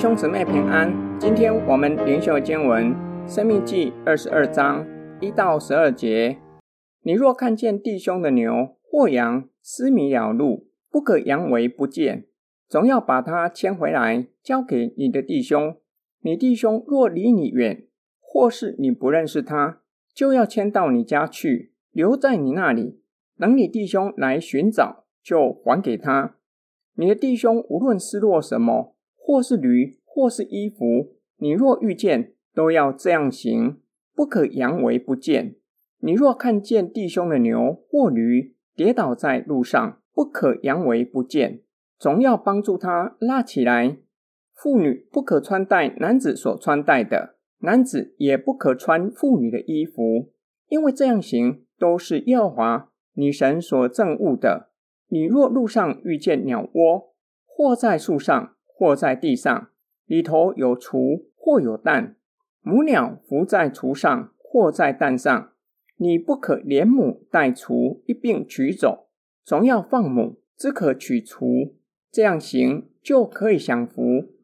弟兄姊妹平安，今天我們靈修經文《申命記》二十二章一到十二節。你若看見弟兄的牛或羊失迷了路，不可佯為不見，總要把它牽回來，交給你的弟兄。你弟兄若離你遠，或是你不認識他，就要牽到你家去，留在你那裡，等你弟兄來尋找，就還給他。你的弟兄無論失落什麼。或是驢，或是衣服，你若遇見，都要這樣行，不可佯為不見。你若看見弟兄的牛或驢跌倒在路上，不可佯為不見，總要幫助他拉起來。婦女不可穿戴男子所穿戴的，男子也不可穿婦女的衣服，因為這樣行都是耶和華你神所憎惡的。你若路上遇見鳥窩，或在樹上。或在地上，裡頭有雛或有蛋，母鳥伏在雛上或在蛋上，你不可連母帶雛一併取走，總要放母，只可取雛。這樣行就可以享福，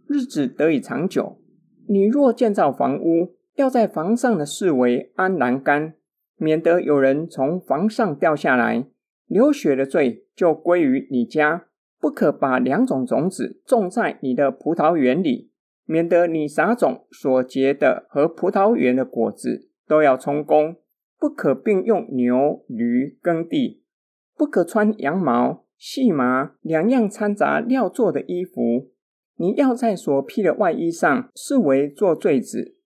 日子得以長久。你若建造房屋，要在房上的四圍安欄杆，免得有人從房上掉下來，流血的罪就歸於你家。不可把兩種種子種在你的葡萄園裡，免得你撒種所結的和葡萄園的果子都要充公。不可並用牛、驢耕地。不可穿羊毛、細麻兩樣摻雜料做的衣服。你要在所披的外衣上四圍做繸子。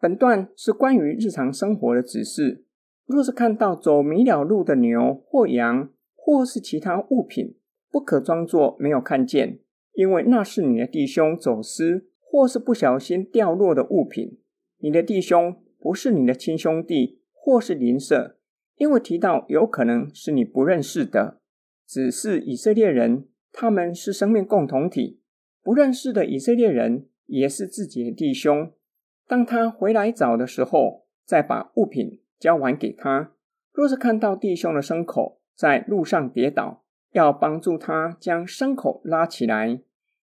本段是關於日常生活的指示。若是看到走迷了路的牛或羊，或是其他物品，不可裝作沒有看見，因為那是你的弟兄走失或是不小心掉落的物品。你的弟兄不是你的親兄弟或是鄰舍，因為提到有可能是你不認識的，指示以色列人，他們是生命共同體，不認識的以色列人也是自己的弟兄。當他回來找的時候，再把物品交還給他。若是看到弟兄的牲口在路上跌倒，要幫助他將牲口拉起來。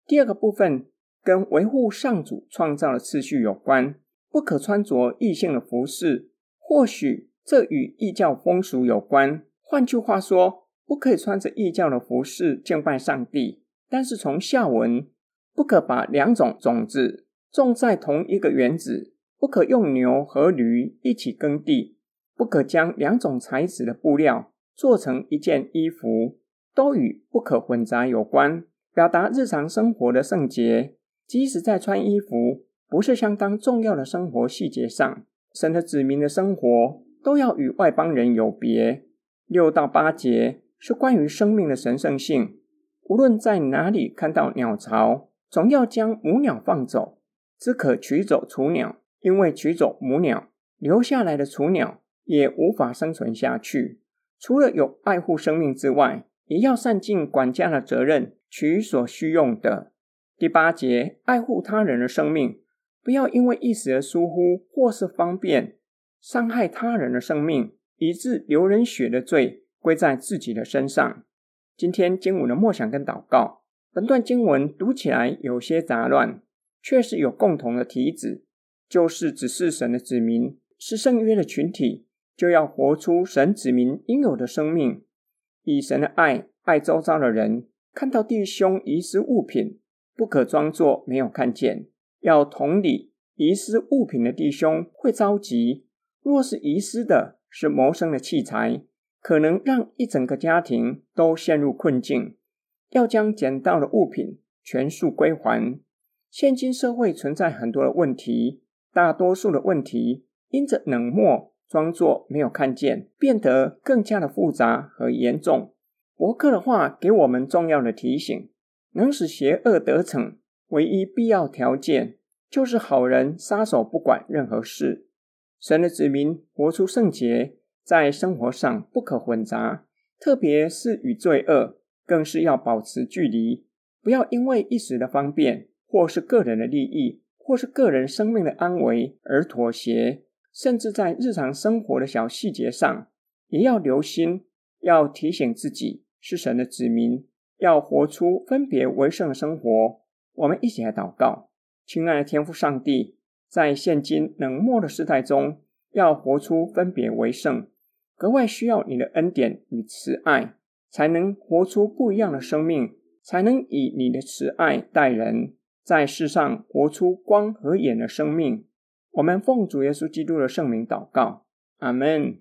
第二個部分跟維護上主創造的次序有關，不可穿着異性的服飾。或許這與異教風俗有關。換句話說，不可以穿着異教的服飾敬拜上帝。但是從下文，不可把兩種種子種在同一個園子，不可用牛和驢一起耕地，不可將兩種材質的布料做成一件衣服。都與不可混雜有關，表達日常生活的聖潔。即使在穿衣服，不是相當重要的生活細節上，神的子民的生活都要與外邦人有別。六到八節是關於生命的神聖性。無論在哪裡看到鳥巢，總要將母鳥放走，只可取走雛鳥，因為取走母鳥，留下來的雛鳥也無法生存下去。除了有愛護生命之外，也要善盡管家的責任，取所需用的。第八節，愛護他人的生命，不要因為一時的疏忽或是方便，傷害他人的生命，以致流人血的罪歸在自己的身上。今天經文的默想跟禱告，本段經文讀起來有些雜亂，卻是有共同的題旨，就是指示神的子民是聖約的群體，就要活出神子民應有的生命。以神的愛愛周遭的人，看到弟兄遺失物品，不可裝作沒有看見。要同理，遺失物品的弟兄會着急。若是遺失的是謀生的器材，可能讓一整個家庭都陷入困境。要將撿到的物品全數歸還。現今社會存在很多的問題，大多數的問題因着冷漠。裝作沒有看見，變得更加的複雜和嚴重。柏克的話給我們重要的提醒：能使邪惡得逞，唯一必要條件就是好人撒手不管任何事。神的子民活出聖潔，在生活上不可混雜，特別是與罪惡，更是要保持距離。不要因為一時的方便，或是個人的利益，或是個人生命的安危而妥協。甚至在日常生活的小細節上，也要留心，要提醒自己是神的子民，要活出分別為聖的生活。我們一起來禱告，親愛的天父上帝，在現今冷漠的世代中，要活出分別為聖，格外需要你的恩典與慈愛，才能活出不一樣的生命，才能以你的慈愛待人，在世上活出光和鹽的生命。我們奉主耶穌基督的聖名禱告，阿門。